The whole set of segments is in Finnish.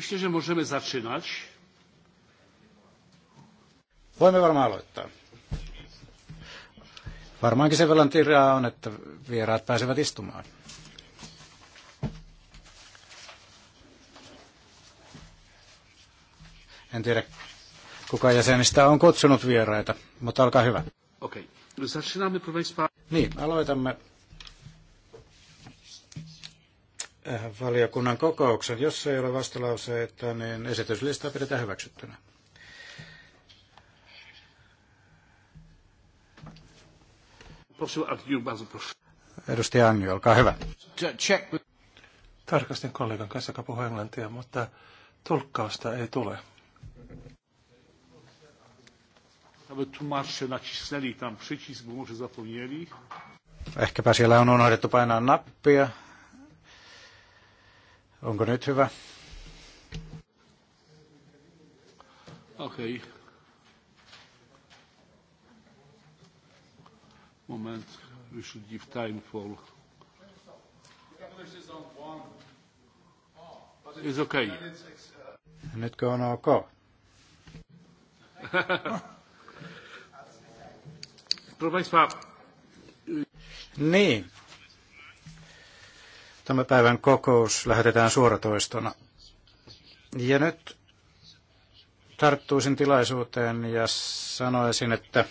Myślę, że możemy zaczynać. Voimme varmaan aloittaa. Varmaankin sen verran tirjaa on, että vieraat pääsevät istumaan. En tiedä, kuka jäsenistä on kutsunut vieraita, mutta olkaa hyvä. Okei. Okay. Niin, aloitamme Äh, valiokunnan kokouksen. Jos ei ole vastalauseita, niin esityslistaa pidetään hyväksyttynä. Edustaja Angi, olkaa hyvä. Tarkastin kollegan kanssa, joka puhuu englantia, mutta tulkkausta ei tule. Ehkäpä siellä on unohdettu painaa nappia. Onko nyt hyvä? Okei. Okay. Moment, we should give time for... It's okay. Nytkö on ok? Proszę Państwa. Niin, Tämän päivän kokous lähetetään suoratoistona. Ja nyt tarttuisin tilaisuuteen ja sanoisin, että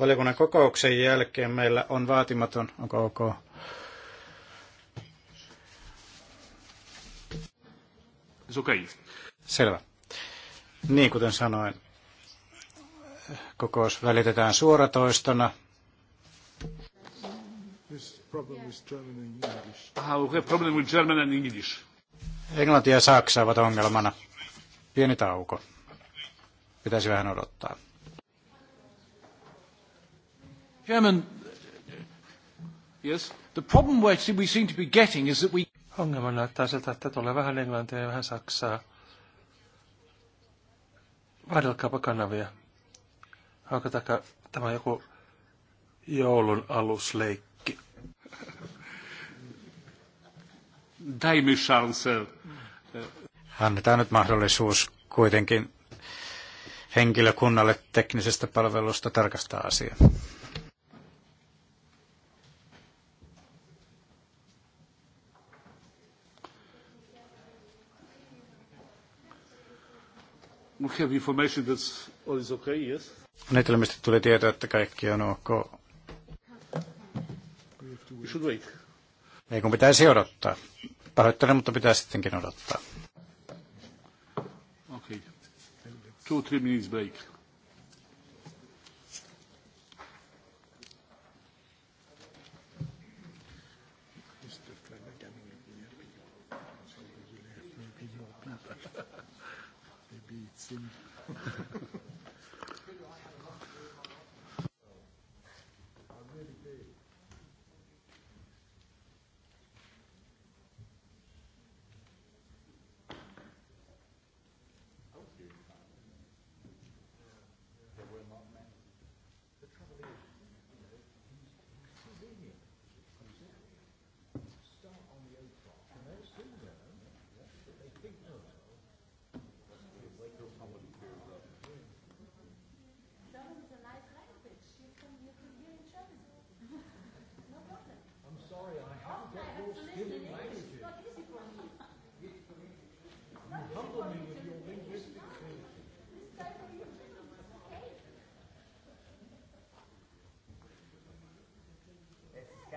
valiokunnan kokouksen jälkeen meillä on vaatimaton, onko ok, Selvä. Niin kuten sanoin, kokous välitetään suoratoistona. This problem with German and English. Englanti ja Saksa ovat ongelmana. Pieni tauko. Pitäisi vähän odottaa. German, yes, the problem we seem to be getting is that we... Ongelma näyttää siltä, että tulee vähän englantia ja vähän saksaa. Vaihdelkaapa kanavia. Onko tämä joku joulun alusleikki? Dajmy szansę. Annetaan nyt mahdollisuus kuitenkin henkilökunnalle teknisestä palvelusta tarkastaa asia. We have information that all is okay, yes? Nyt ilmeisesti tuli tieto, että kaikki on ok. We should wait. Ei kun pitäisi odottaa. Pahoittelen, mutta pitää sittenkin odottaa. Okay. Two, three minutes break. Maybe it's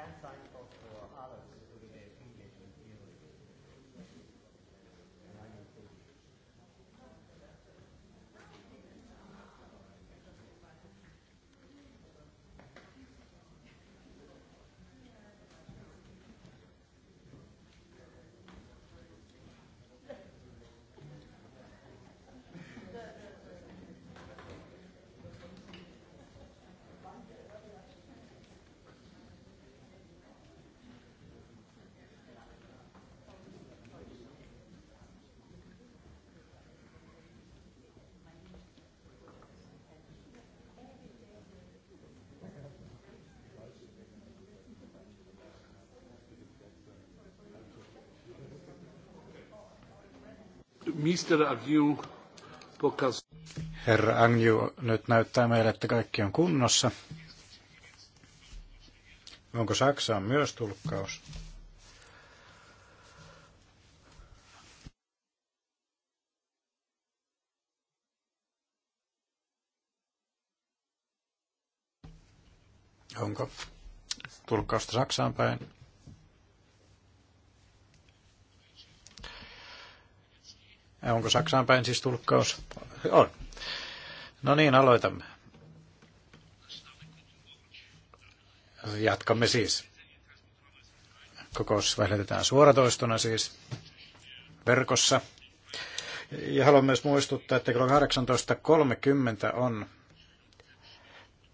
and sign for Herra Agnew nyt näyttää meille, että kaikki on kunnossa. Onko Saksaan myös tulkkaus? Onko tulkkausta Saksaan päin? Onko Saksaan päin siis tulkkaus? On. No niin, aloitamme. Jatkamme siis. Kokous välitetään suoratoistona siis verkossa. Ja haluan myös muistuttaa, että kello 18.30 on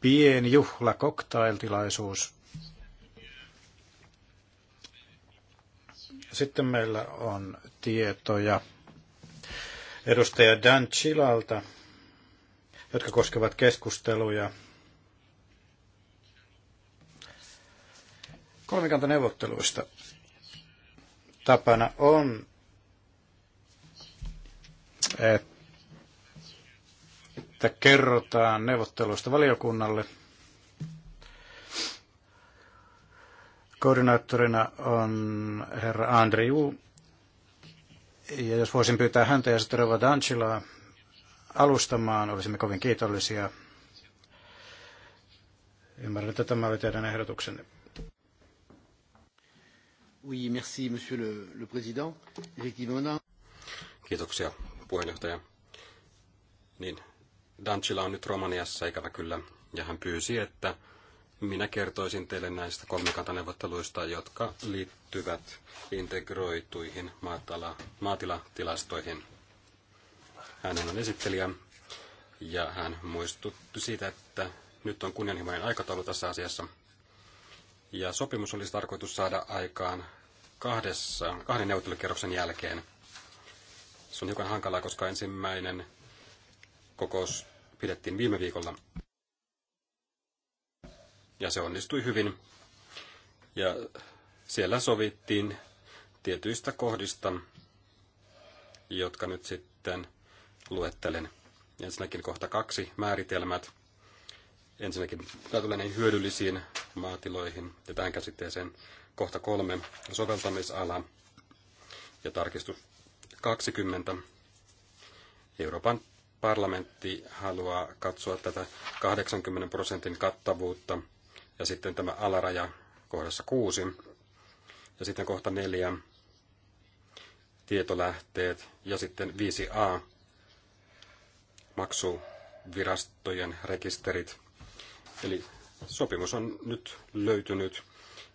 pieni juhla, koktailtilaisuus. Sitten meillä on tietoja edustaja Dan Chilalta, jotka koskevat keskusteluja kolmikantaneuvotteluista. Tapana on, että kerrotaan neuvotteluista valiokunnalle. Koordinaattorina on herra Andriu, ja jos voisin pyytää häntä ja sitten Rova Dancilaa alustamaan, olisimme kovin kiitollisia. Ymmärrän, että tämä oli teidän ehdotuksenne. Oui, merci, monsieur le, le président. Effectivement, Kiitoksia, puheenjohtaja. Niin, Dancilla on nyt Romaniassa, ikävä kyllä, ja hän pyysi, että minä kertoisin teille näistä kolmikantaneuvotteluista, jotka liittyvät integroituihin maatala, maatilatilastoihin. Hän on esittelijä ja hän muistutti siitä, että nyt on kunnianhimoinen aikataulu tässä asiassa. Ja sopimus olisi tarkoitus saada aikaan kahdessa, kahden neuvottelukierroksen jälkeen. Se on hiukan hankalaa, koska ensimmäinen kokous pidettiin viime viikolla ja se onnistui hyvin. Ja siellä sovittiin tietyistä kohdista, jotka nyt sitten luettelen. Ensinnäkin kohta kaksi, määritelmät. Ensinnäkin tämä tulee näihin hyödyllisiin maatiloihin ja tähän käsitteeseen kohta kolme, soveltamisala ja tarkistus 20. Euroopan parlamentti haluaa katsoa tätä 80 prosentin kattavuutta – ja sitten tämä alaraja kohdassa 6 ja sitten kohta 4 tietolähteet ja sitten 5a maksuvirastojen rekisterit. Eli sopimus on nyt löytynyt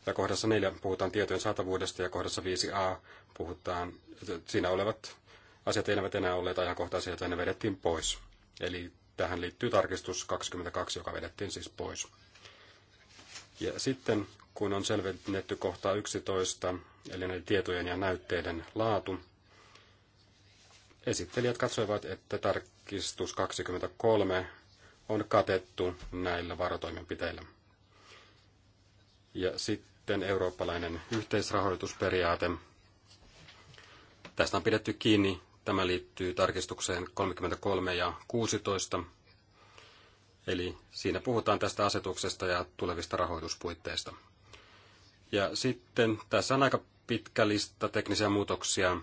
ja kohdassa 4 puhutaan tietojen saatavuudesta ja kohdassa 5a puhutaan, siinä olevat asiat eivät enää olleet ajankohtaisia, joten ne vedettiin pois. Eli tähän liittyy tarkistus 22, joka vedettiin siis pois. Ja sitten kun on selvennetty kohtaa 11, eli näiden tietojen ja näytteiden laatu, esittelijät katsoivat, että tarkistus 23 on katettu näillä varotoimenpiteillä. Ja sitten eurooppalainen yhteisrahoitusperiaate. Tästä on pidetty kiinni. Tämä liittyy tarkistukseen 33 ja 16. Eli siinä puhutaan tästä asetuksesta ja tulevista rahoituspuitteista. Ja sitten tässä on aika pitkä lista teknisiä muutoksia,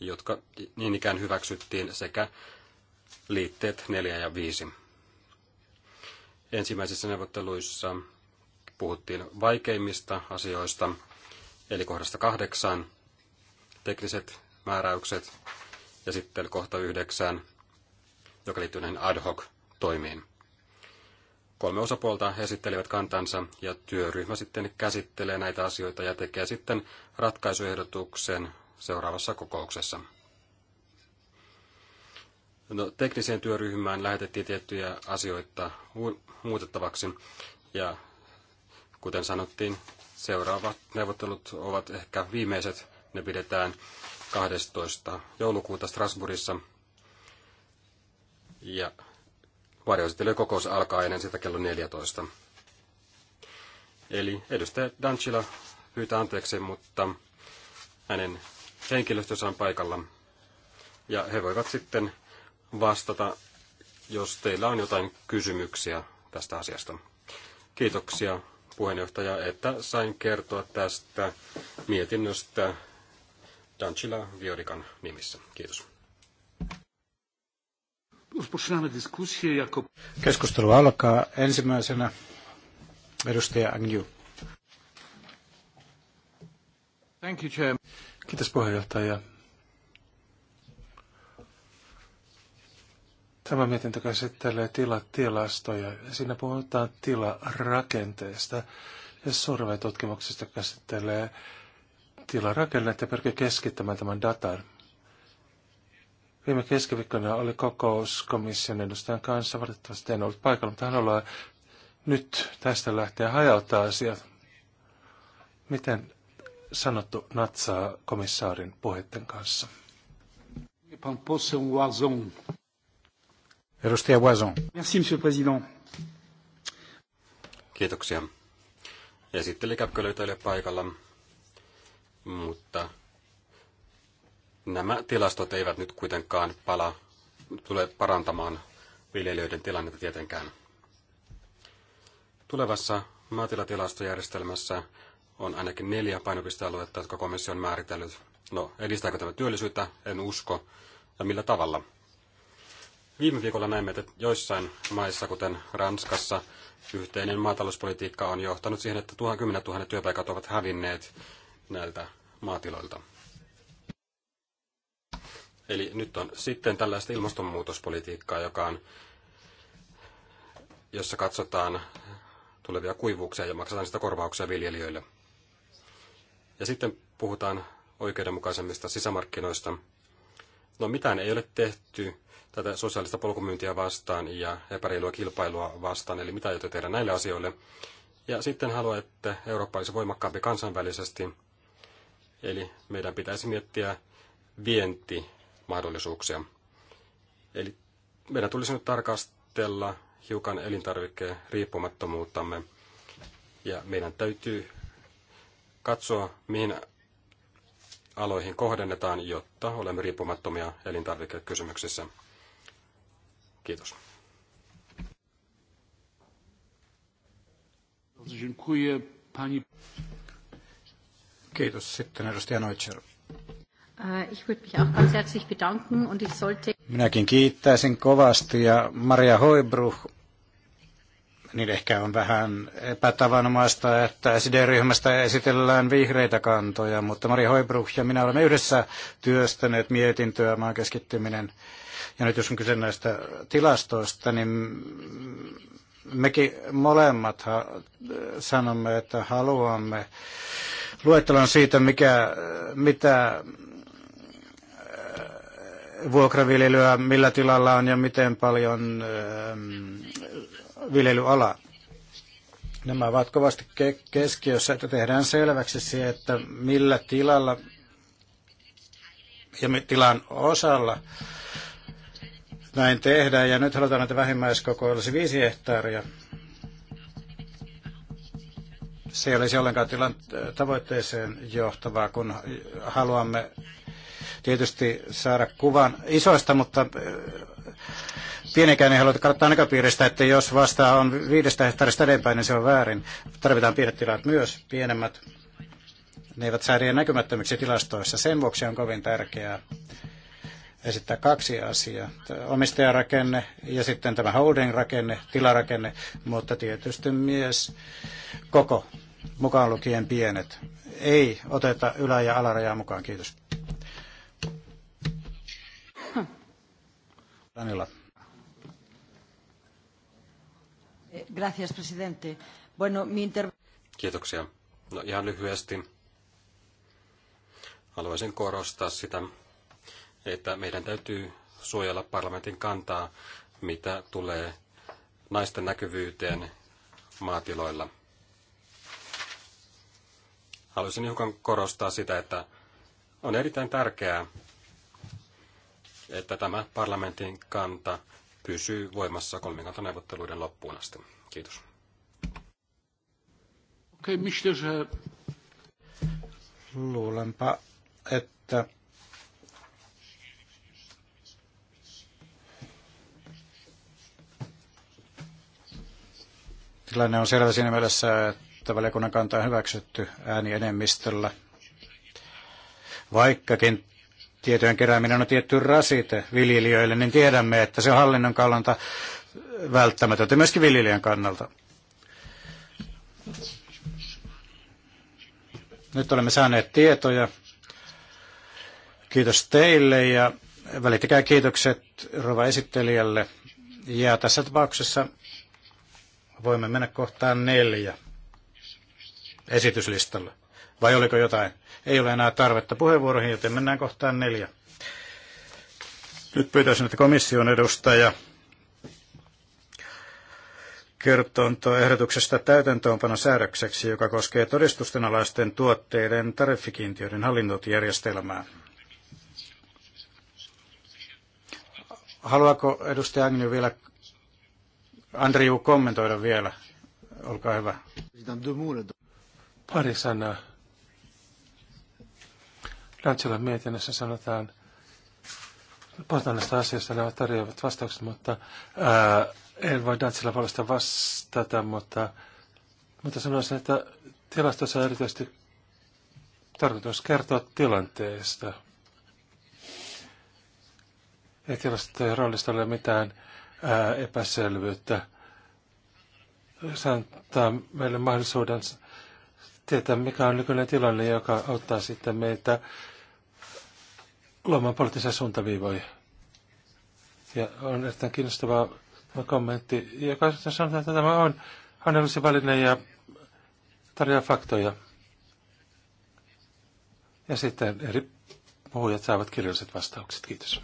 jotka niin ikään hyväksyttiin sekä liitteet 4 ja 5. Ensimmäisissä neuvotteluissa puhuttiin vaikeimmista asioista, eli kohdasta kahdeksan, tekniset määräykset, ja sitten kohta yhdeksään, joka liittyy näihin ad hoc toimiin kolme osapuolta esittelivät kantansa ja työryhmä sitten käsittelee näitä asioita ja tekee sitten ratkaisuehdotuksen seuraavassa kokouksessa. No, tekniseen työryhmään lähetettiin tiettyjä asioita muutettavaksi ja kuten sanottiin, seuraavat neuvottelut ovat ehkä viimeiset. Ne pidetään 12. joulukuuta Strasbourgissa ja Varjoesittelyjen kokous alkaa ennen sitä kello 14. Eli edustaja Dancila pyytää anteeksi, mutta hänen henkilöstönsä on paikalla. Ja he voivat sitten vastata, jos teillä on jotain kysymyksiä tästä asiasta. Kiitoksia puheenjohtaja, että sain kertoa tästä mietinnöstä Dancila Viorikan nimissä. Kiitos. Keskustelu alkaa ensimmäisenä. Edustaja Agnew. Thank you, Chair. Kiitos puheenjohtaja. Tämä mietintö käsittelee tilatilastoja. Siinä puhutaan tilarakenteesta ja survetutkimuksesta käsittelee tilarakennetta ja pyrkii keskittämään tämän datan Viime keskiviikkona oli kokous komission edustajan kanssa. Valitettavasti en ollut paikalla, mutta hän ollaan nyt tästä lähteä hajauttaa asiat. Miten sanottu natsaa komissaarin puheiden kanssa? Edustaja Wazon. Merci, monsieur président. Kiitoksia. Esitteli Käpkö paikalla, mutta Nämä tilastot eivät nyt kuitenkaan pala, tule parantamaan viljelijöiden tilannetta tietenkään. Tulevassa maatilatilastojärjestelmässä on ainakin neljä painopistealuetta, jotka komissio on määritellyt. No, edistääkö tämä työllisyyttä? En usko. Ja millä tavalla? Viime viikolla näimme, että joissain maissa, kuten Ranskassa, yhteinen maatalouspolitiikka on johtanut siihen, että 10 000 työpaikat ovat hävinneet näiltä maatiloilta. Eli nyt on sitten tällaista ilmastonmuutospolitiikkaa, joka on, jossa katsotaan tulevia kuivuuksia ja maksetaan sitä korvauksia viljelijöille. Ja sitten puhutaan oikeudenmukaisemmista sisämarkkinoista. No mitään ei ole tehty tätä sosiaalista polkumyyntiä vastaan ja epäreilua kilpailua vastaan, eli mitä aiotte tehdä näille asioille. Ja sitten haluan, että Eurooppa olisi voimakkaampi kansainvälisesti, eli meidän pitäisi miettiä vienti mahdollisuuksia. Eli meidän tulisi nyt tarkastella hiukan elintarvikkeen riippumattomuuttamme ja meidän täytyy katsoa, mihin aloihin kohdennetaan, jotta olemme riippumattomia elintarvikekysymyksissä. Kiitos. Kiitos. Sitten edustaja Neutschel. Äh, Minäkin kiittäisin kovasti ja Maria Hoibruch, niin ehkä on vähän epätavanomaista, että SD-ryhmästä esitellään vihreitä kantoja, mutta Maria Hoibruch ja minä olemme yhdessä työstäneet mietintöä maan keskittyminen. Ja nyt jos on kyse näistä tilastoista, niin mekin molemmat sanomme, että haluamme luettelon siitä, mikä, mitä vuokraviljelyä, millä tilalla on ja miten paljon ähm, viljelyala. Nämä ovat kovasti keskiössä, että tehdään selväksi se, että millä tilalla ja tilan osalla näin tehdään. Ja nyt halutaan, että vähimmäiskoko olisi viisi hehtaaria. Se ei olisi ollenkaan tilan äh, tavoitteeseen johtavaa, kun haluamme tietysti saada kuvan isoista, mutta äh, pienekään ei haluta katsoa näköpiiristä, että jos vasta on viidestä hehtaarista eteenpäin, niin se on väärin. Tarvitaan pienet tilat myös, pienemmät. Ne eivät saa jää näkymättömiksi tilastoissa. Sen vuoksi on kovin tärkeää esittää kaksi asiaa. Omistajarakenne ja sitten tämä holding-rakenne, tilarakenne, mutta tietysti myös koko, mukaan lukien pienet. Ei oteta ylä- ja alarajaa mukaan. Kiitos. Danila. Eh, gracias, presidente. Bueno, mi inter... Kiitoksia. No ihan lyhyesti haluaisin korostaa sitä, että meidän täytyy suojella parlamentin kantaa, mitä tulee naisten näkyvyyteen maatiloilla. Haluaisin hiukan korostaa sitä, että on erittäin tärkeää, että tämä parlamentin kanta pysyy voimassa kolmikantaneuvotteluiden loppuun asti. Kiitos. Okei, mistä że... Luulenpa, että tilanne on selvä siinä mielessä, että valiokunnan kanta on hyväksytty äänienemmistöllä. Vaikkakin tietojen kerääminen on tietty rasite viljelijöille, niin tiedämme, että se on hallinnon kannalta välttämätöntä myöskin viljelijän kannalta. Nyt olemme saaneet tietoja. Kiitos teille ja välittäkää kiitokset rova esittelijälle. Ja tässä tapauksessa voimme mennä kohtaan neljä esityslistalla. Vai oliko jotain? Ei ole enää tarvetta puheenvuoroihin, joten mennään kohtaan neljä. Nyt pyytäisin, että komission edustaja kertoo ehdotuksesta täytäntöönpano säädökseksi, joka koskee todistusten alaisten tuotteiden tariffikiintiöiden hallintotjärjestelmää. Haluaako edustaja Agnew vielä, Andriu kommentoida vielä? Olkaa hyvä. Pari sanaa. Rantsilan mietinnössä sanotaan, puhutaan näistä asioista, ne tarjoavat vastaukset, mutta ää, en voi Dantsilla puolesta vastata, mutta, mutta sanoisin, että tilastossa on erityisesti tarkoitus kertoa tilanteesta. Ei tilastojen roolista ole mitään ää, epäselvyyttä. Se antaa meille mahdollisuuden tietää, mikä on nykyinen tilanne, joka auttaa sitten meitä luomaan poliittisia suuntaviivoja. Ja on erittäin kiinnostava tämä kommentti, joka sanotaan, että tämä on analyysiväline ja tarjoaa faktoja. Ja sitten eri puhujat saavat kirjalliset vastaukset. Kiitos.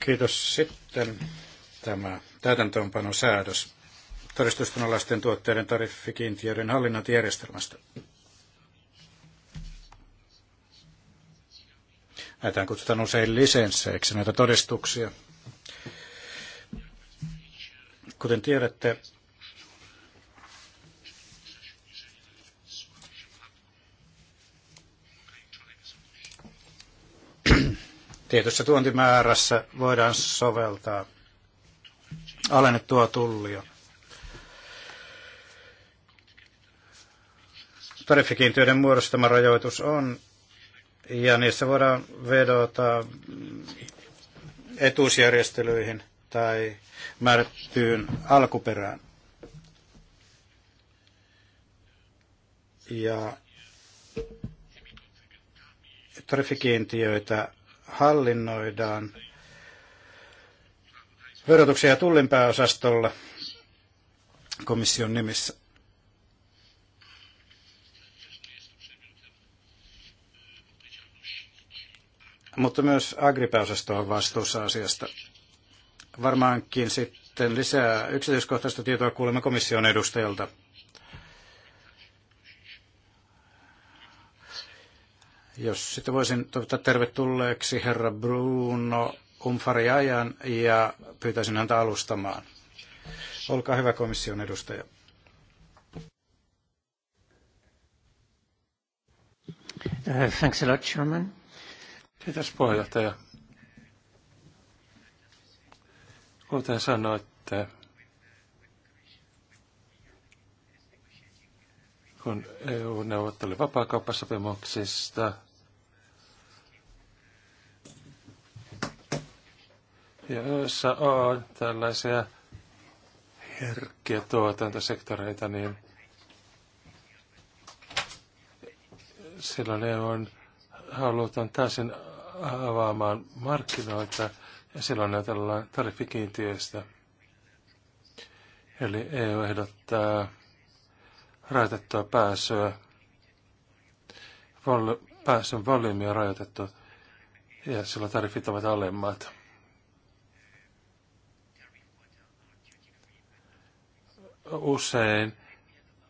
Kiitos. Sitten tämä täytäntöönpanosäädös todistustunalaisten tuotteiden tariffikiintiöiden hallinnointijärjestelmästä. Näitä kutsutaan usein lisensseiksi, näitä todistuksia. Kuten tiedätte, tietyssä tuontimäärässä voidaan soveltaa alennettua tullia. Tariffikiintiöiden muodostama rajoitus on ja niissä voidaan vedota etuusjärjestelyihin tai määrättyyn alkuperään. Ja trafikiintiöitä hallinnoidaan verotuksen ja tullin pääosastolla komission nimissä. mutta myös agripäosasto on vastuussa asiasta. Varmaankin sitten lisää yksityiskohtaista tietoa kuulemme komission edustajalta. Jos sitten voisin toivottaa tervetulleeksi herra Bruno Umfariajan ja pyytäisin häntä alustamaan. Olkaa hyvä komission edustaja. Uh, thanks a lot, Chairman. Kiitos puheenjohtaja. Kuten sanoitte, kun EU neuvotteli vapaakauppasopimuksista, joissa on tällaisia herkkiä tuotantosektoreita, niin silloin EU on haluton täysin avaamaan markkinoita ja silloin ajatellaan tariffikiintiöistä. Eli EU ehdottaa rajoitettua pääsyä, vol, pääsyn volyymi on rajoitettu ja silloin tariffit ovat alemmat. Usein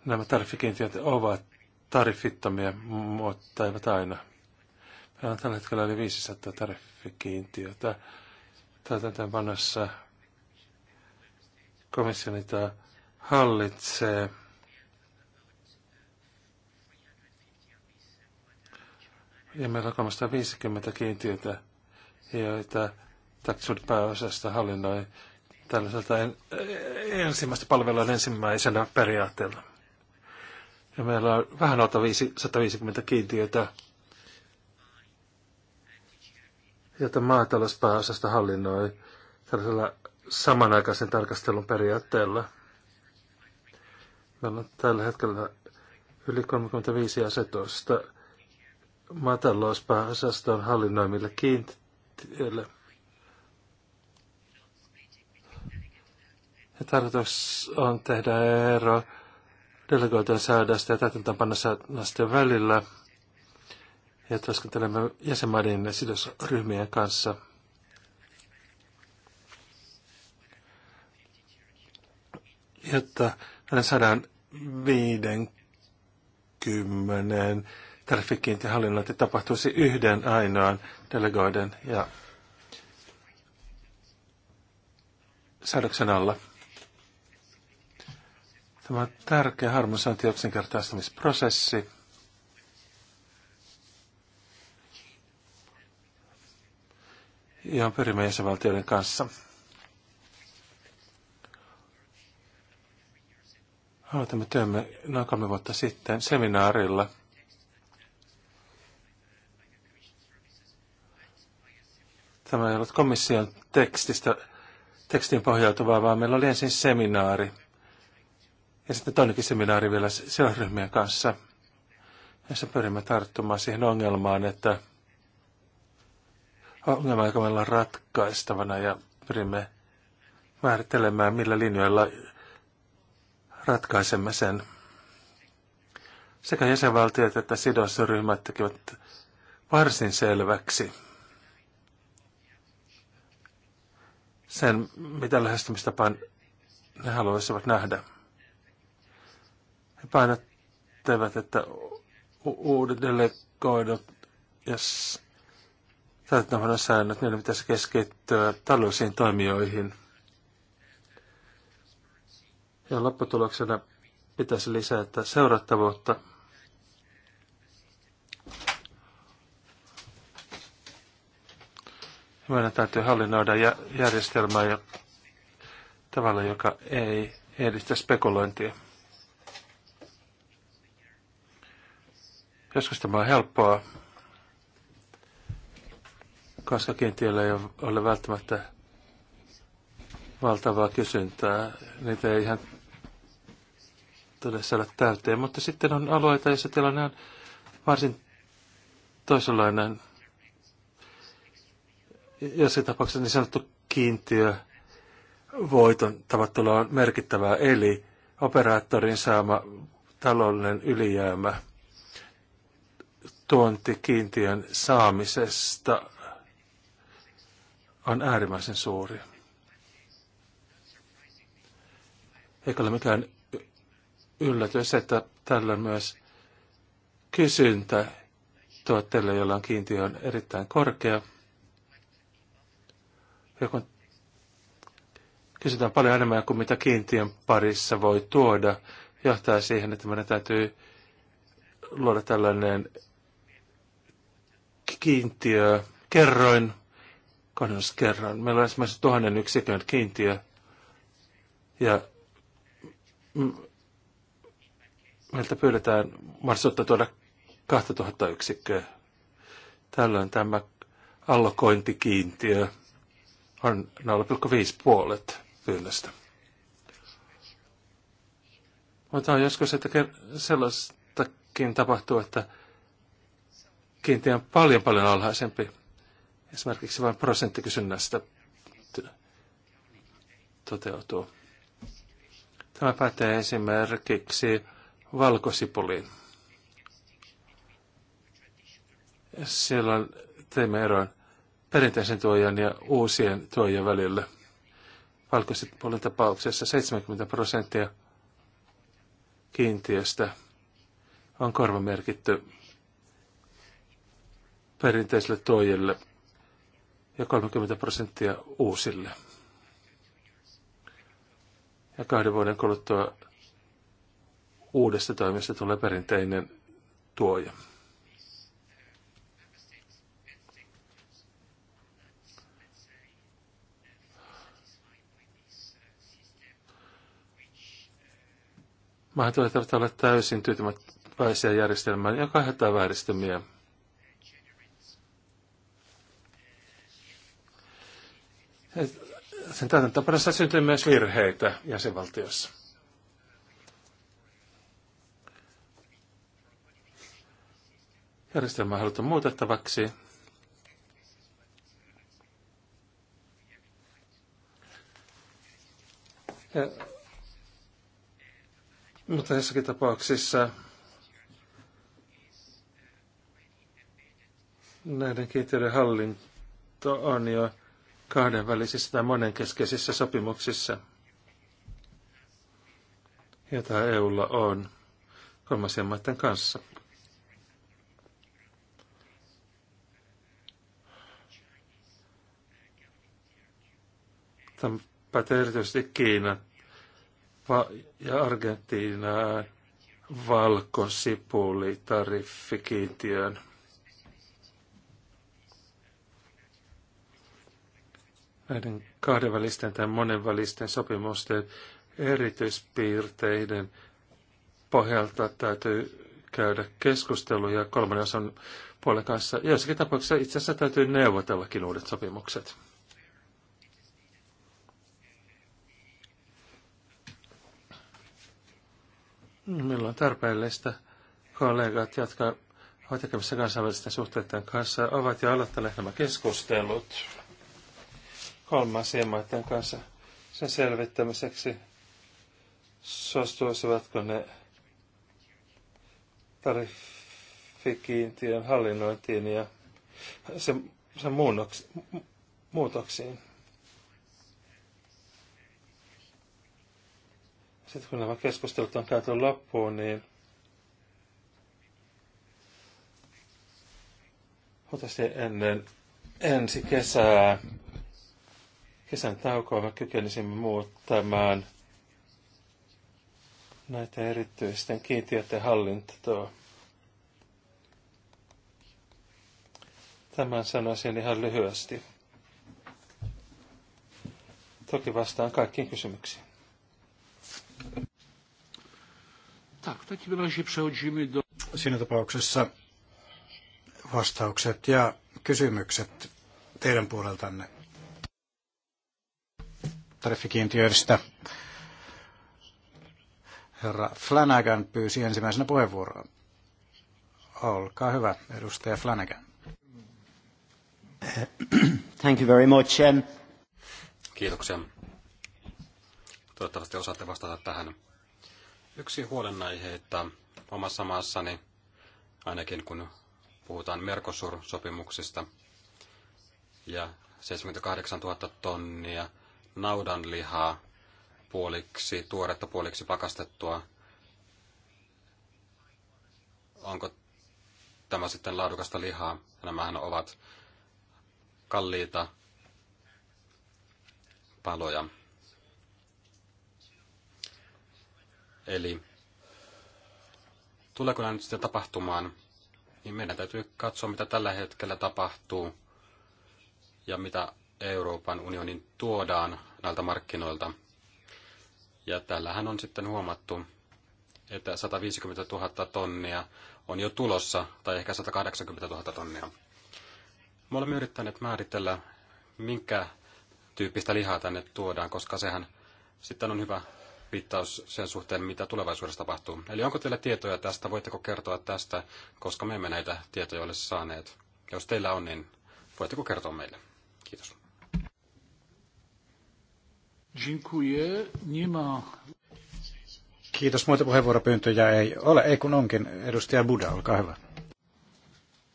nämä tariffikiintiöt ovat tariffittomia, mutta eivät aina. Meillä on tällä hetkellä yli 500 tariffikiintiötä. Tätä panossa komissionita hallitsee. Ja meillä on 350 kiintiötä, joita Taksud pääosasta hallinnoi tällaiselta ensimmäistä palvelua ensimmäisellä periaatteella. Ja meillä on vähän alta 550 kiintiötä jota maatalouspääosasta hallinnoi tällaisella samanaikaisen tarkastelun periaatteella. Meillä on tällä hetkellä yli 35 asetusta maatalouspääosaston hallinnoimille kiintiöille. Ja tarkoitus on tehdä ero delegoitujen säädöstä ja täytäntöönpannosäädösten välillä – ja työskentelemme jäsenmaiden sidosryhmien kanssa. jotta näiden 150 trafikiinti hallinnointi tapahtuisi yhden ainoan delegoiden ja säädöksen alla. Tämä on tärkeä harmonisointi ja yksinkertaistamisprosessi. ihan pyrimme jäsenvaltioiden kanssa. Aloitamme työmme noin kolme vuotta sitten seminaarilla, Tämä ei ollut komission tekstistä, tekstin pohjautuvaa, vaan meillä oli ensin seminaari. Ja sitten toinenkin seminaari vielä seuraryhmien kanssa, jossa pyrimme tarttumaan siihen ongelmaan, että ongelma, joka meillä on ratkaistavana ja pyrimme määrittelemään, millä linjoilla ratkaisemme sen. Sekä jäsenvaltiot että sidosryhmät tekevät varsin selväksi sen, mitä lähestymistapaan ne haluaisivat nähdä. He painottavat, että uudet delegoidut, ja täytäntöönpanon säännöt, niillä pitäisi keskittyä taloudellisiin toimijoihin. Ja lopputuloksena pitäisi lisätä seurattavuutta. Meidän täytyy hallinnoida järjestelmää ja tavalla, joka ei edistä spekulointia. Joskus tämä on helppoa, koska kiintiöllä ei ole välttämättä valtavaa kysyntää. Niitä ei ihan todella saada täyteen. Mutta sitten on alueita, joissa tilanne on varsin toisenlainen. Jossain tapauksessa niin sanottu kiintiö voiton tavattelu on merkittävää, eli operaattorin saama taloudellinen ylijäämä tuontikiintiön saamisesta on äärimmäisen suuri. Eikä ole mikään yllätys, että tällöin myös kysyntä tuotteille, joilla on kiintiö, on erittäin korkea. Ja kun kysytään paljon enemmän kuin mitä kiintiön parissa voi tuoda, johtaa siihen, että meidän täytyy luoda tällainen kiintiö kerroin, kerran, Meillä on esimerkiksi tuhannen yksikön kiintiö ja meiltä pyydetään marsuutta tuoda 2000 yksikköä. Tällöin tämä allokointikiintiö on 0,5 puolet pyynnöstä. Mutta on joskus, että sellaistakin tapahtuu, että kiintiö on paljon paljon alhaisempi esimerkiksi vain prosenttikysynnästä toteutuu. Tämä pätee esimerkiksi valkosipuliin. Silloin teimme eron perinteisen tuojan ja uusien tuojien välillä. Valkosipulin tapauksessa 70 prosenttia kiintiöstä on korvamerkitty perinteiselle tuojille ja 30 prosenttia uusille. Ja kahden vuoden kuluttua uudesta toimesta tulee perinteinen tuoja. Maahantuojat ovat olla täysin tyytymättä järjestelmään, joka aiheuttaa vääristymiä Sen täytäntöönpanossa syntyy myös virheitä jäsenvaltiossa. Järjestelmä on haluttu muutettavaksi. Ja, mutta jossakin tapauksissa näiden kiinteiden hallinto on jo kahdenvälisissä tai monenkeskeisissä sopimuksissa, jota EUlla on kolmasien maiden kanssa. Tämä pätee erityisesti Kiina ja Argentiina valkosipuli näiden kahdenvälisten tai monenvälisten sopimusten erityispiirteiden pohjalta täytyy käydä keskusteluja kolmannen osan puolen kanssa. Joissakin tapauksissa itse asiassa täytyy neuvotellakin uudet sopimukset. Milloin tarpeellista kollegat, jotka ovat tekemässä kansainvälisten suhteiden kanssa, ovat jo aloittaneet nämä keskustelut kolmansien maiden kanssa sen selvittämiseksi, suostuisivatko ne tariffikiintiön hallinnointiin ja sen, sen muunnoksi, muutoksiin. Sitten kun nämä keskustelut on käyty loppuun, niin hotasti ennen ensi kesää kesän taukoa me kykenisimme muuttamaan näitä erityisten kiintiöiden hallintoa. Tämän sanoisin ihan lyhyesti. Toki vastaan kaikkiin kysymyksiin. Siinä tapauksessa vastaukset ja kysymykset teidän puoleltanne tariffikiintiöistä. Herra Flanagan pyysi ensimmäisenä puheenvuoroa. Olkaa hyvä, edustaja Flanagan. Thank you very much. Um, Kiitoksia. Toivottavasti osaatte vastata tähän. Yksi huolenaihe, että omassa maassani, ainakin kun puhutaan Mercosur-sopimuksista ja 78 000 tonnia naudanlihaa puoliksi, tuoretta puoliksi pakastettua. Onko tämä sitten laadukasta lihaa? Nämähän ovat kalliita paloja. Eli tuleeko nyt sitten tapahtumaan, niin meidän täytyy katsoa, mitä tällä hetkellä tapahtuu ja mitä Euroopan unionin tuodaan näiltä markkinoilta. Ja tällähän on sitten huomattu, että 150 000 tonnia on jo tulossa, tai ehkä 180 000 tonnia. Me olemme yrittäneet määritellä, minkä tyyppistä lihaa tänne tuodaan, koska sehän sitten on hyvä viittaus sen suhteen, mitä tulevaisuudessa tapahtuu. Eli onko teillä tietoja tästä, voitteko kertoa tästä, koska me emme näitä tietoja ole saaneet. Jos teillä on, niin voitteko kertoa meille? Kiitos. Kiitos. Muita puheenvuoropyyntöjä ei ole. Ei kun onkin. Edustaja Buda, olkaa hyvä.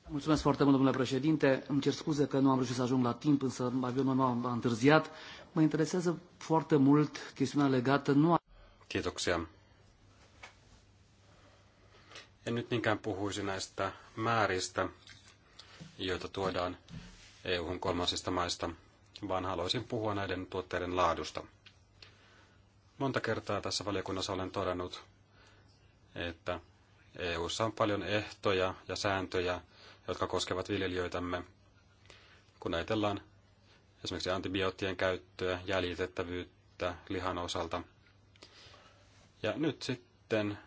Mulțumesc foarte mult, domnule președinte. Îmi cer scuze că nu am reușit să ajung la timp, însă avionul meu a întârziat. Mă interesează foarte mult chestiunea legată nu a... Kiitoksia. En nyt niinkään puhuisi näistä määristä, joita tuodaan EU-hun kolmansista maista – vaan haluaisin puhua näiden tuotteiden laadusta. Monta kertaa tässä valiokunnassa olen todennut, että EU:ssa on paljon ehtoja ja sääntöjä, jotka koskevat viljelijöitämme. Kun ajatellaan esimerkiksi antibioottien käyttöä, jäljitettävyyttä lihan osalta. Ja nyt sitten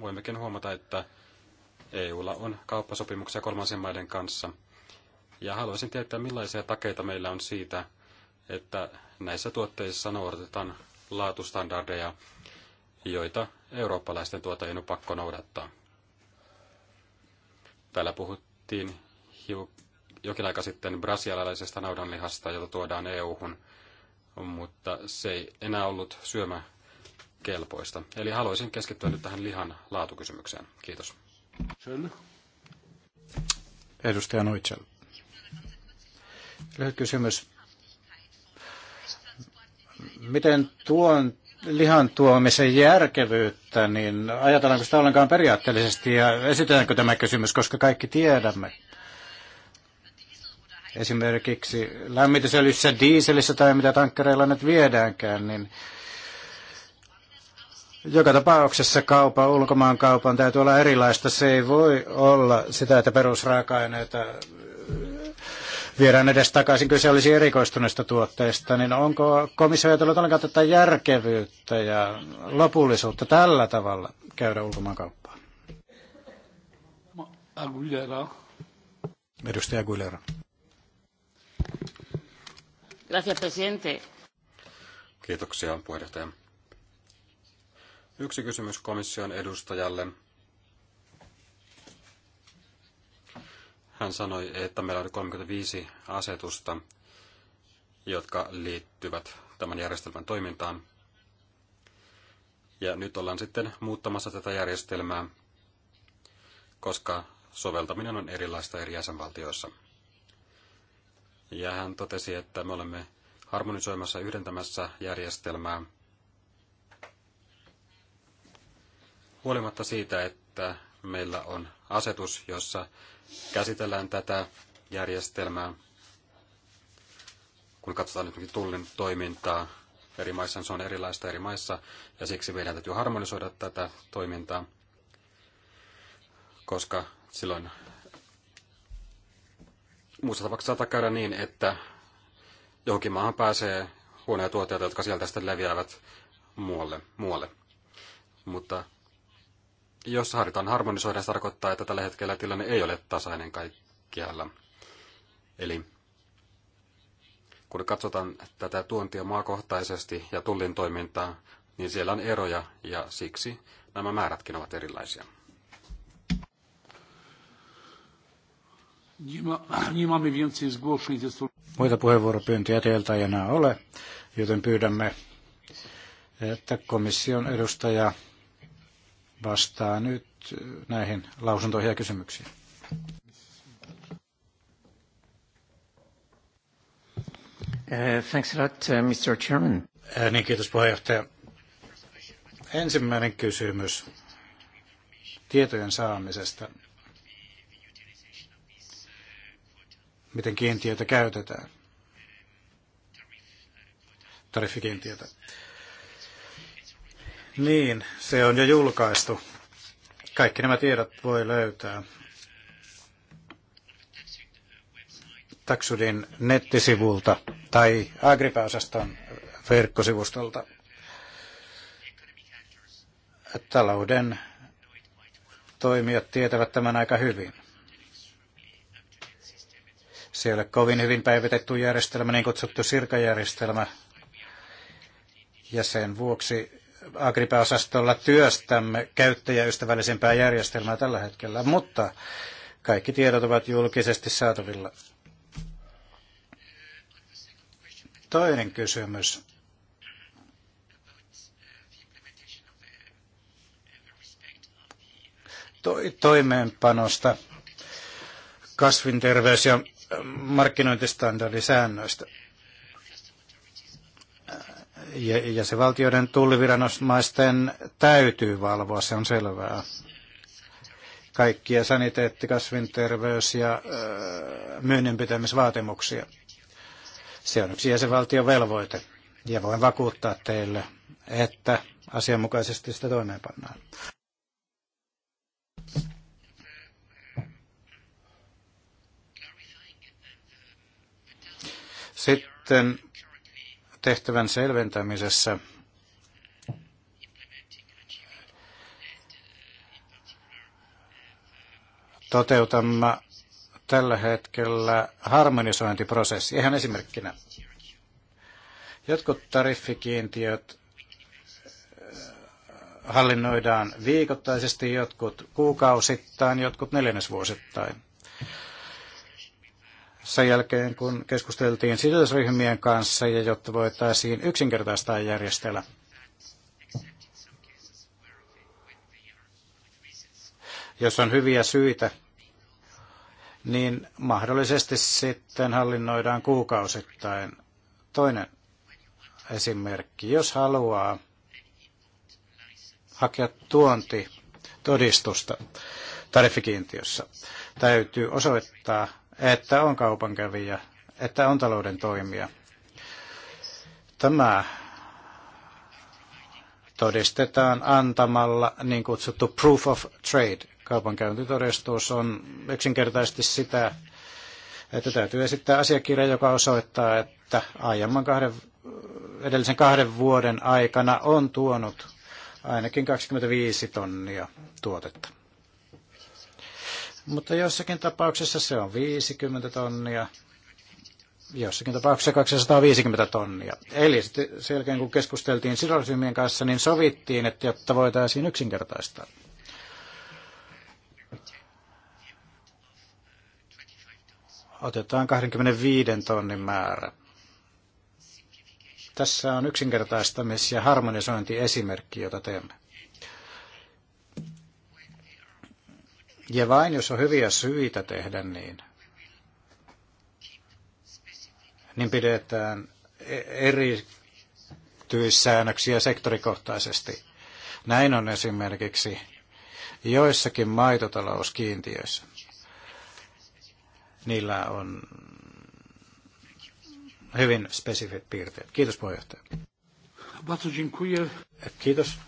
voimmekin huomata, että EUlla on kauppasopimuksia kolmansien maiden kanssa – ja haluaisin tietää, millaisia takeita meillä on siitä, että näissä tuotteissa noudatetaan laatustandardeja, joita eurooppalaisten tuottajien on pakko noudattaa. Täällä puhuttiin hiu- jokin aika sitten brasilialaisesta naudanlihasta, jota tuodaan EU-hun, mutta se ei enää ollut syömä kelpoista. Eli haluaisin keskittyä nyt tähän lihan laatukysymykseen. Kiitos. Schön. Edustaja Noitsel. Lyhyt kysymys. Miten tuon lihan tuomisen järkevyyttä, niin ajatellaanko sitä ollenkaan periaatteellisesti ja esitetäänkö tämä kysymys, koska kaikki tiedämme. Esimerkiksi lämmitysöljyssä, diiselissä tai mitä tankkereilla nyt viedäänkään, niin joka tapauksessa kaupa, ulkomaan kaupan täytyy olla erilaista. Se ei voi olla sitä, että perusraaka-aineita viedään edes takaisin, kyse olisi erikoistuneesta tuotteista, niin onko komissio ajatellut ollenkaan tätä järkevyyttä ja lopullisuutta tällä tavalla käydä ulkomaankauppaa? Aguilera. Edustaja Aguilera. Gracias, presidente. Kiitoksia, puheenjohtaja. Yksi kysymys komission edustajalle Hän sanoi, että meillä oli 35 asetusta, jotka liittyvät tämän järjestelmän toimintaan. Ja nyt ollaan sitten muuttamassa tätä järjestelmää, koska soveltaminen on erilaista eri jäsenvaltioissa. Ja hän totesi, että me olemme harmonisoimassa yhdentämässä järjestelmää huolimatta siitä, että meillä on asetus, jossa käsitellään tätä järjestelmää, kun katsotaan nyt tullin toimintaa eri maissa, niin se on erilaista eri maissa, ja siksi meidän täytyy harmonisoida tätä toimintaa, koska silloin muussa tapauksessa saattaa käydä niin, että johonkin maahan pääsee huonoja tuotteita, jotka sieltä sitten leviävät muualle. muualle. Mutta jos harjoitetaan harmonisoida, se tarkoittaa, että tällä hetkellä tilanne ei ole tasainen kaikkialla. Eli kun katsotaan tätä tuontia maakohtaisesti ja tullin toimintaa, niin siellä on eroja ja siksi nämä määrätkin ovat erilaisia. Muita puheenvuoropyyntöjä teiltä ei enää ole, joten pyydämme, että komission edustaja vastaa nyt näihin lausuntoihin ja kysymyksiin. Uh, thanks a lot, uh, Mr. Chairman. Uh, niin, kiitos puheenjohtaja. Ensimmäinen kysymys tietojen saamisesta. Miten kiintiötä käytetään? Tariffikiintiötä. Uh, niin, se on jo julkaistu. Kaikki nämä tiedot voi löytää Taksudin nettisivulta tai Agripääosaston verkkosivustolta. Talouden toimijat tietävät tämän aika hyvin. Siellä kovin hyvin päivitetty järjestelmä, niin kutsuttu sirkajärjestelmä, ja sen vuoksi Agripa-osastolla työstämme käyttäjäystävällisempää järjestelmää tällä hetkellä, mutta kaikki tiedot ovat julkisesti saatavilla. Toinen kysymys. toimeenpanosta kasvinterveys- ja markkinointistandardisäännöistä ja, se valtioiden tulliviranomaisten täytyy valvoa, se on selvää. Kaikkia saniteetti-, kasvinterveys- ja myynninpitämisvaatimuksia. Se on yksi jäsenvaltion velvoite. Ja voin vakuuttaa teille, että asianmukaisesti sitä toimeenpannaan. Sitten tehtävän selventämisessä toteutamme tällä hetkellä harmonisointiprosessi. Ihan esimerkkinä. Jotkut tariffikiintiöt äh, hallinnoidaan viikoittaisesti, jotkut kuukausittain, jotkut neljännesvuosittain sen jälkeen, kun keskusteltiin sidosryhmien kanssa ja jotta voitaisiin yksinkertaistaa järjestellä. Jos on hyviä syitä, niin mahdollisesti sitten hallinnoidaan kuukausittain. Toinen esimerkki, jos haluaa hakea tuonti todistusta tariffikiintiössä, täytyy osoittaa että on kaupankävijä, että on talouden toimija. Tämä todistetaan antamalla niin kutsuttu proof of trade. Kaupankäyntitodistus on yksinkertaisesti sitä, että täytyy esittää asiakirja, joka osoittaa, että aiemman kahden, edellisen kahden vuoden aikana on tuonut ainakin 25 tonnia tuotetta. Mutta jossakin tapauksessa se on 50 tonnia, jossakin tapauksessa 250 tonnia. Eli sitten sen jälkeen kun keskusteltiin sidosryhmien kanssa, niin sovittiin, että jotta voitaisiin yksinkertaistaa. Otetaan 25 tonnin määrä. Tässä on yksinkertaistamis- ja harmonisointiesimerkki, jota teemme. Ja vain jos on hyviä syitä tehdä niin, niin pidetään e- erityissäännöksiä sektorikohtaisesti. Näin on esimerkiksi joissakin maitotalouskiintiöissä. Niillä on hyvin spesifit piirteet. Kiitos puheenjohtaja. Kiitos.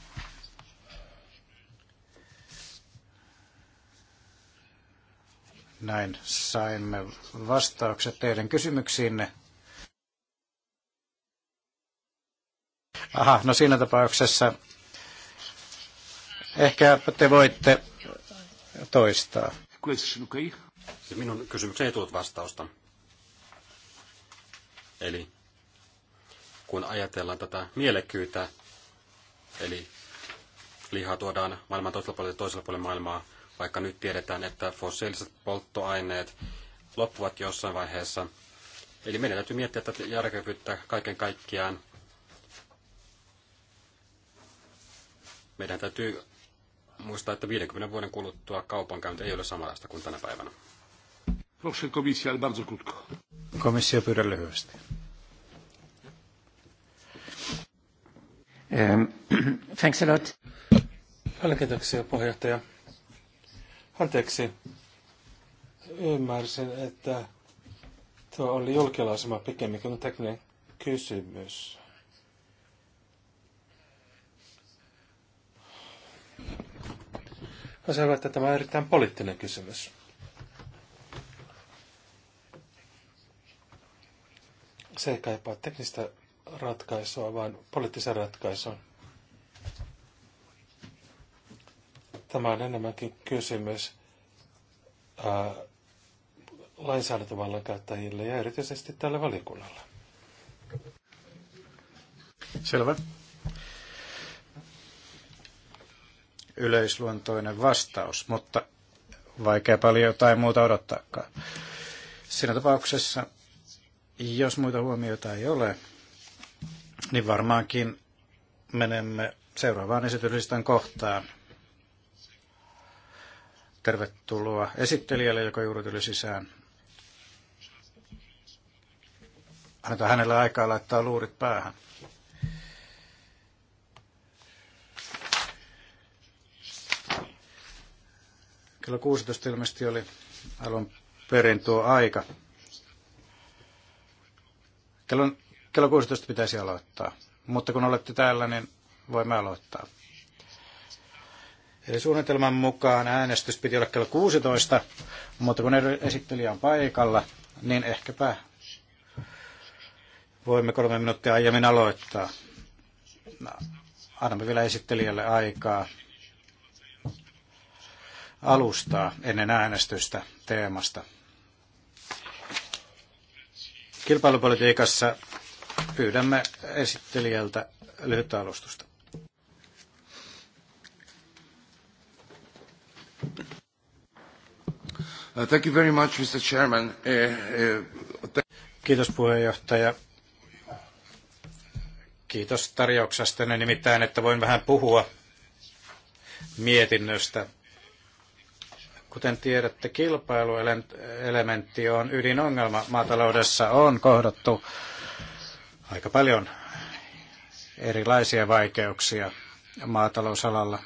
Näin saimme vastaukset teidän kysymyksiinne. Aha, no siinä tapauksessa ehkä te voitte toistaa. Siis minun kysymykseni ei tullut vastausta. Eli kun ajatellaan tätä mielekkyyttä, eli lihaa tuodaan maailman toisella puolella toisella puolella maailmaa vaikka nyt tiedetään, että fossiiliset polttoaineet loppuvat jossain vaiheessa. Eli meidän täytyy miettiä tätä järkevyyttä kaiken kaikkiaan. Meidän täytyy muistaa, että 50 vuoden kuluttua kaupankäynti ei ole samanlaista kuin tänä päivänä. Komissio pyydän lyhyesti. Thanks a lot. Paljon kiitoksia puheenjohtaja. Anteeksi. Ymmärsin, että tuo oli julkilausema pikemminkin kuin tekninen kysymys. On selvä, että tämä on erittäin poliittinen kysymys. Se ei kaipaa teknistä ratkaisua, vaan poliittisen ratkaisun. Tämä on enemmänkin kysymys ää, lainsäädäntövallan käyttäjille ja erityisesti tälle valiokunnalle. Selvä. Yleisluontoinen vastaus, mutta vaikea paljon jotain muuta odottaakaan. Siinä tapauksessa, jos muita huomioita ei ole, niin varmaankin menemme seuraavaan esityslistan kohtaan. Tervetuloa esittelijälle, joka juuri tuli sisään. Annetaan hänelle aikaa laittaa luurit päähän. Kello 16 ilmeisesti oli alun perin tuo aika. Kello, kello 16 pitäisi aloittaa, mutta kun olette täällä, niin voimme aloittaa. Eli suunnitelman mukaan äänestys piti olla kello 16, mutta kun esittelijä on paikalla, niin ehkäpä voimme kolme minuuttia aiemmin aloittaa. No, annamme vielä esittelijälle aikaa alustaa ennen äänestystä teemasta. Kilpailupolitiikassa pyydämme esittelijältä lyhyttä alustusta. Uh, uh, uh, Kiitos puheenjohtaja. Kiitos tarjouksestanne nimittäin, että voin vähän puhua mietinnöstä. Kuten tiedätte, kilpailuelementti on ydinongelma. Maataloudessa on kohdattu aika paljon erilaisia vaikeuksia maatalousalalla.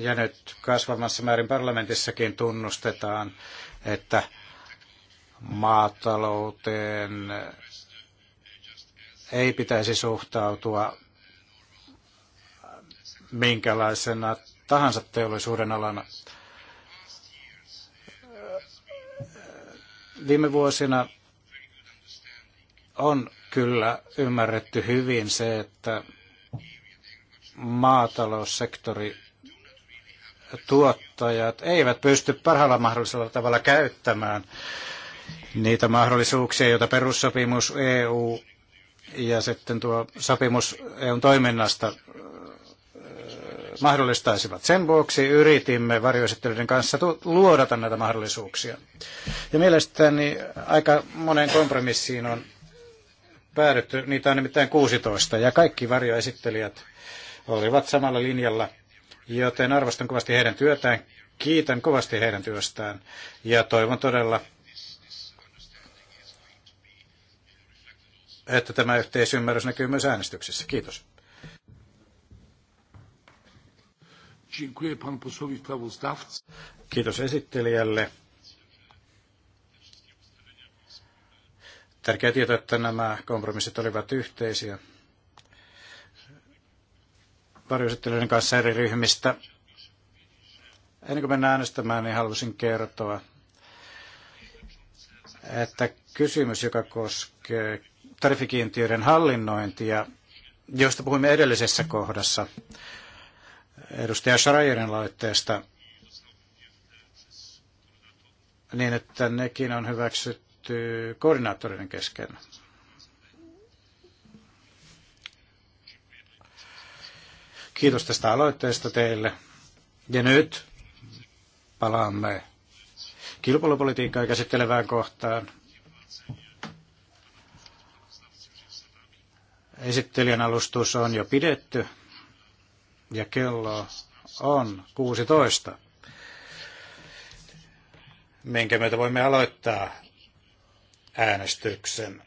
Ja nyt kasvamassa määrin parlamentissakin tunnustetaan, että maatalouteen ei pitäisi suhtautua minkälaisena tahansa teollisuuden alana. Viime vuosina on kyllä ymmärretty hyvin se, että maataloussektori tuottajat eivät pysty parhaalla mahdollisella tavalla käyttämään niitä mahdollisuuksia, joita perussopimus EU ja sitten tuo sopimus EUn toiminnasta mahdollistaisivat. Sen vuoksi yritimme varjoesittelyiden kanssa luodata näitä mahdollisuuksia. Ja mielestäni aika monen kompromissiin on päädytty, niitä on nimittäin 16, ja kaikki varjoesittelijät olivat samalla linjalla – joten arvostan kovasti heidän työtään, kiitän kovasti heidän työstään ja toivon todella, että tämä yhteisymmärrys näkyy myös äänestyksessä. Kiitos. Kiitos esittelijälle. Tärkeää tietää, että nämä kompromissit olivat yhteisiä varjoesittelyiden kanssa eri ryhmistä. Ennen kuin mennään äänestämään, niin halusin kertoa, että kysymys, joka koskee tarifikiintiöiden hallinnointia, josta puhuimme edellisessä kohdassa, edustaja Sarajerin laitteesta, niin että nekin on hyväksytty koordinaattorien kesken Kiitos tästä aloitteesta teille. Ja nyt palaamme kilpailupolitiikkaa käsittelevään kohtaan. Esittelijän alustus on jo pidetty ja kello on 16, minkä myötä voimme aloittaa äänestyksen.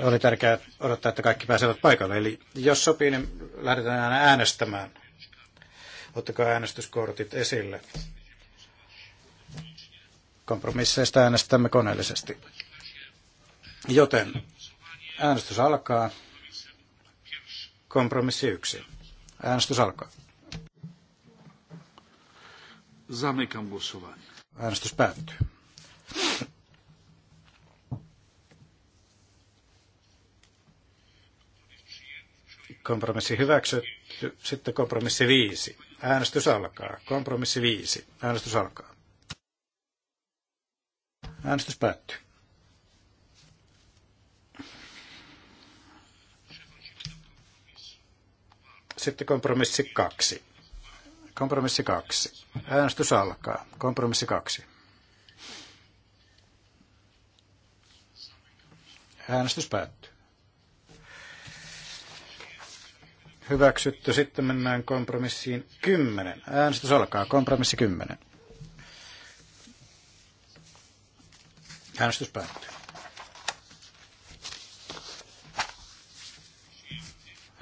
Oli tärkeää odottaa, että kaikki pääsevät paikalle. Eli jos sopii, niin lähdetään aina äänestämään. Ottakaa äänestyskortit esille. Kompromisseista äänestämme koneellisesti. Joten äänestys alkaa. Kompromissi yksi. Äänestys alkaa. Äänestys päättyy. Kompromissi hyväksytty. Sitten kompromissi viisi, Äänestys alkaa. Kompromissi viisi, Äänestys alkaa. Äänestys päättyy. Sitten kompromissi kaksi, Kompromissi kaksi, Äänestys alkaa. Kompromissi kaksi, Äänestys päättyy. hyväksytty. Sitten mennään kompromissiin 10. Äänestys alkaa. Kompromissi 10. Äänestys päättyy.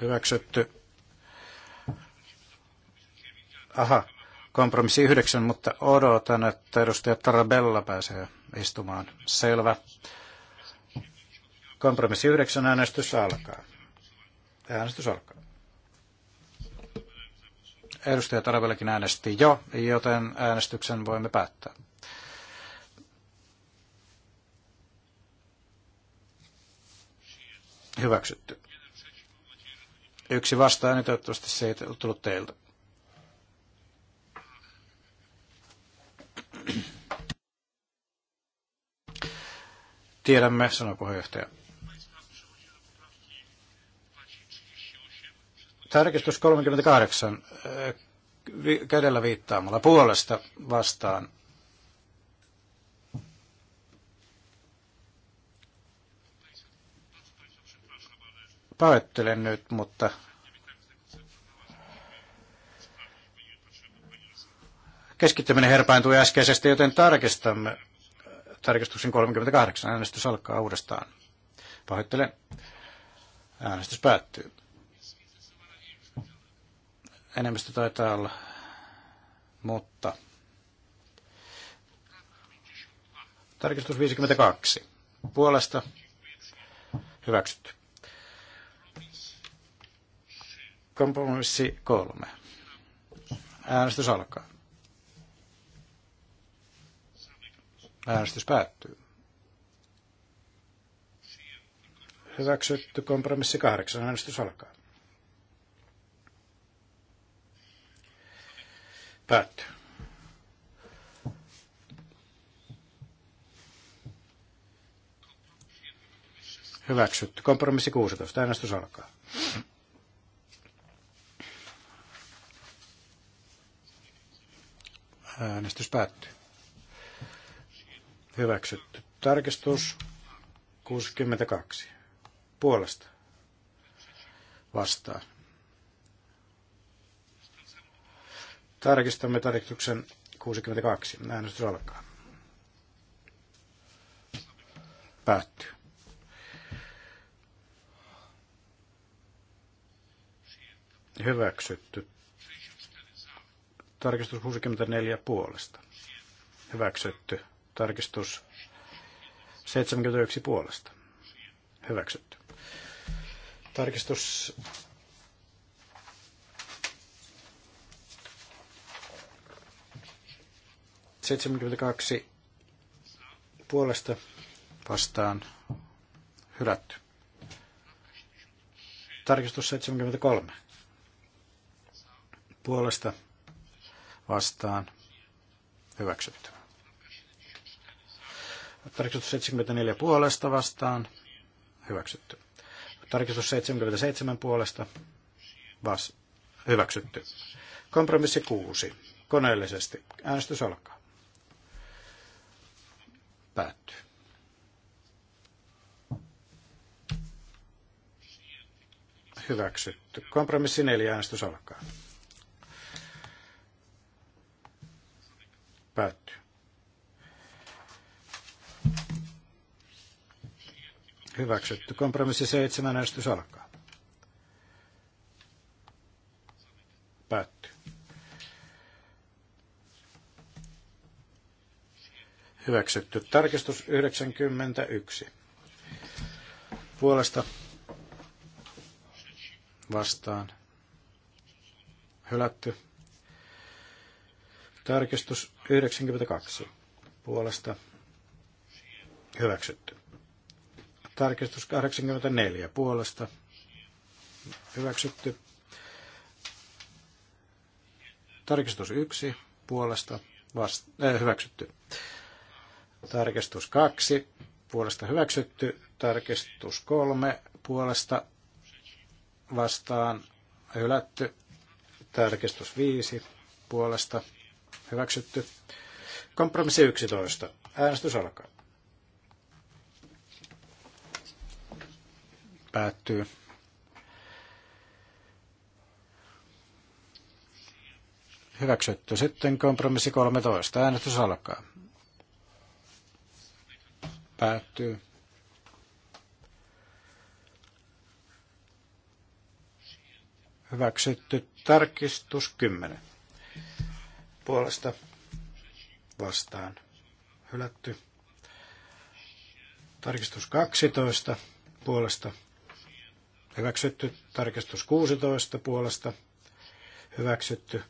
Hyväksytty. Aha, kompromissi 9, mutta odotan, että edustaja Tarabella pääsee istumaan. Selvä. Kompromissi 9 äänestys alkaa. Äänestys alkaa. Edustaja Taravellakin äänesti jo, joten äänestyksen voimme päättää. Hyväksytty. Yksi vastaan, niin toivottavasti se ei tullut teiltä. Tiedämme, sanoi puheenjohtaja. Tarkistus 38 äh, kädellä viittaamalla puolesta vastaan. Pahoittelen nyt, mutta keskittyminen herpaintui äskeisestä, joten tarkistamme tarkistuksen 38. Äänestys alkaa uudestaan. Pahoittelen. Äänestys päättyy. Enemmistö taitaa olla, mutta tarkistus 52 puolesta hyväksytty. Kompromissi kolme. Äänestys alkaa. Äänestys päättyy. Hyväksytty kompromissi kahdeksan. Äänestys alkaa. Päättyy. Hyväksytty. Kompromissi 16. Äänestys alkaa. Äänestys päättyy. Hyväksytty. Tarkistus 62. Puolesta. Vastaan. Tarkistamme tarkistuksen 62. Äänestys alkaa. Päättyy. Hyväksytty. Tarkistus 64 puolesta. Hyväksytty. Tarkistus 71 puolesta. Hyväksytty. Tarkistus 72 puolesta vastaan hylätty. Tarkistus 73 puolesta vastaan hyväksytty. Tarkistus 74 puolesta vastaan hyväksytty. Tarkistus 77 puolesta vas hyväksytty. Kompromissi 6. Koneellisesti. Äänestys alkaa. Päättyy. Hyväksytty. Kompromissi neljä äänestys alkaa. Päättyy. Hyväksytty. Kompromissi seitsemän äänestys alkaa. Hyväksytty. Tarkistus 91. Puolesta vastaan. Hylätty. Tarkistus 92. Puolesta hyväksytty. Tarkistus 84. Puolesta hyväksytty. Tarkistus 1. Puolesta vasta- äh, hyväksytty. Tarkistus 2 puolesta hyväksytty. Tarkistus 3 puolesta vastaan hylätty. Tarkistus 5 puolesta hyväksytty. Kompromissi 11. Äänestys alkaa. Päättyy. Hyväksytty. Sitten kompromissi 13. Äänestys alkaa. Päättyy. Hyväksytty tarkistus 10. Puolesta vastaan. Hylätty. Tarkistus 12 puolesta. Hyväksytty. Tarkistus 16 puolesta. Hyväksytty.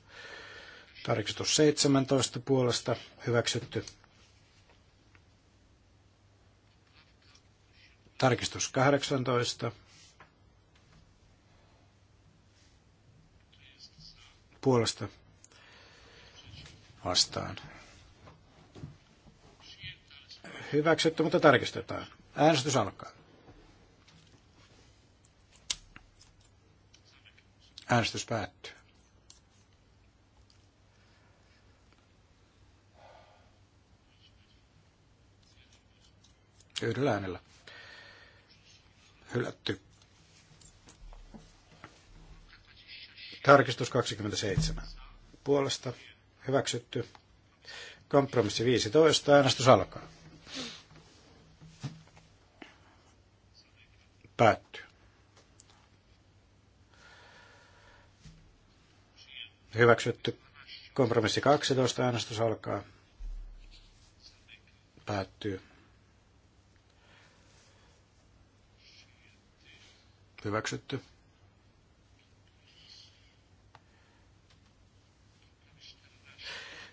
Tarkistus 17 puolesta. Hyväksytty. Tarkistus 18. Puolesta vastaan. Hyväksytty, mutta tarkistetaan. Äänestys alkaa. Äänestys päättyy. Yhdellä äänellä hylätty. Tarkistus 27. Puolesta hyväksytty. Kompromissi 15. Äänestys alkaa. Päättyy. Hyväksytty. Kompromissi 12. Äänestys alkaa. Päättyy. Hyväksytty.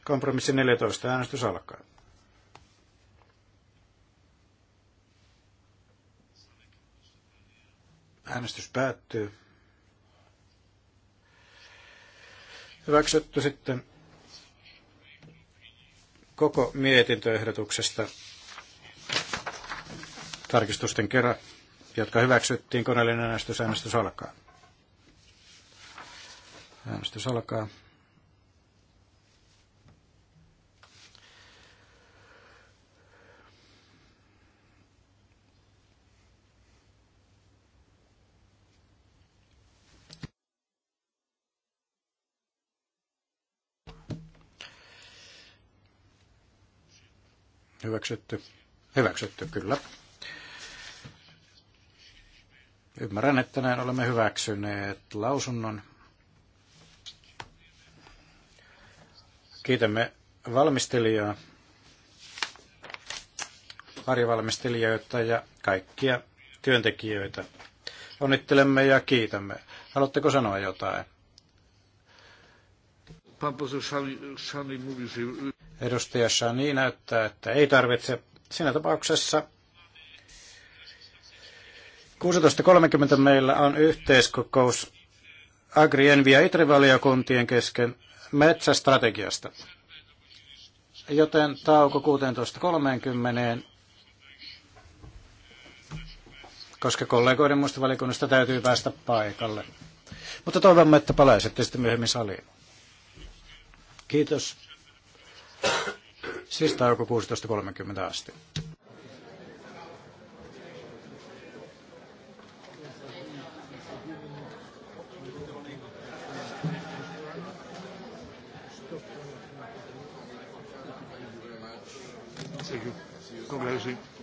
Kompromissi 14. Äänestys alkaa. Äänestys päättyy. Hyväksytty sitten koko mietintöehdotuksesta tarkistusten kerran jotka hyväksyttiin. Koneellinen äänestys, äänestys alkaa. Äänestys alkaa. Hyväksytty. Hyväksytty, kyllä. Ymmärrän, että näin olemme hyväksyneet lausunnon. Kiitämme valmistelijaa, parivalmistelijoita ja kaikkia työntekijöitä. Onnittelemme ja kiitämme. Haluatteko sanoa jotain? Edustaja Shani näyttää, että ei tarvitse. Siinä tapauksessa 16.30 meillä on yhteiskokous Agri, Envi ja Itri-valiokuntien kesken metsästrategiasta. Joten tauko 16.30, koska kollegoiden muista valikunnista täytyy päästä paikalle. Mutta toivomme, että palaisitte sitten myöhemmin saliin. Kiitos. Siis tauko 16.30 asti. Grazie.